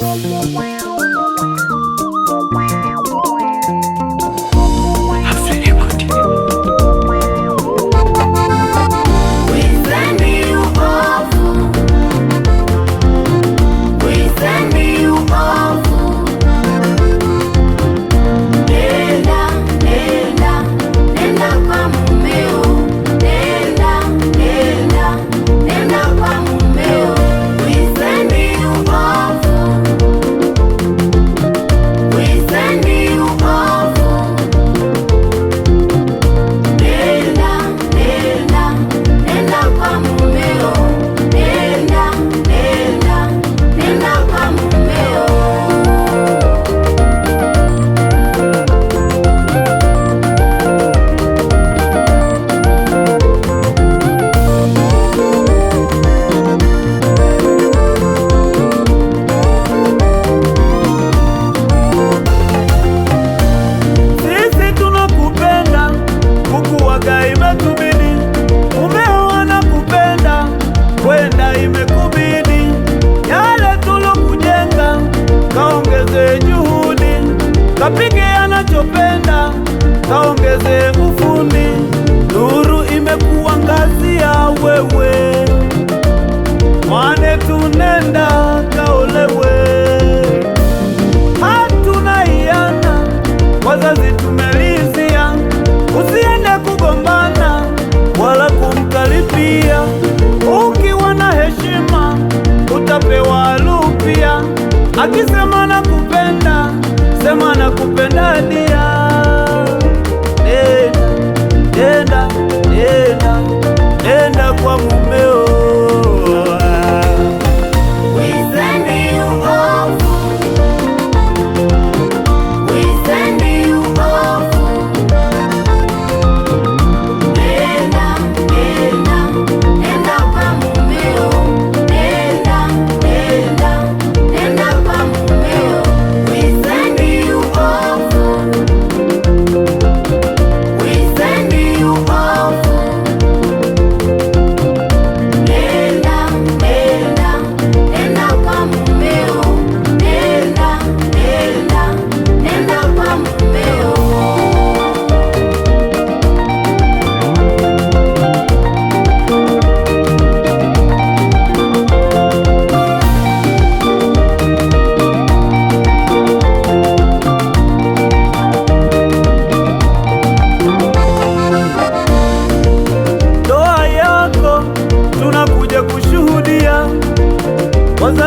Wow. kapige anachopenda, kaongeze ufundi, nuru imekuangazia wewe, mane tunenda kaolewe, hatuna iana, wazazi tumelizia, usiende kugombana wala kumkaribia, ukiwa na heshima utapewa lupia akisema nakupenda dia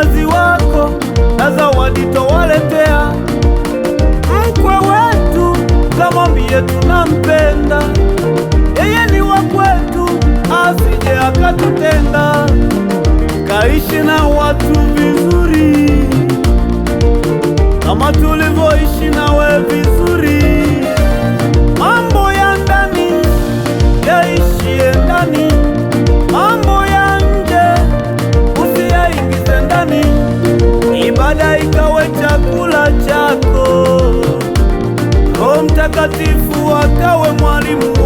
wazazi wako na zawadi tawaletea. Mkwe wetu kamwambie tunampenda, yeye ni wa kwetu, asije akatutenda. Kaishi na watu vizuri kama tuli mtakatifu akawe mwalimu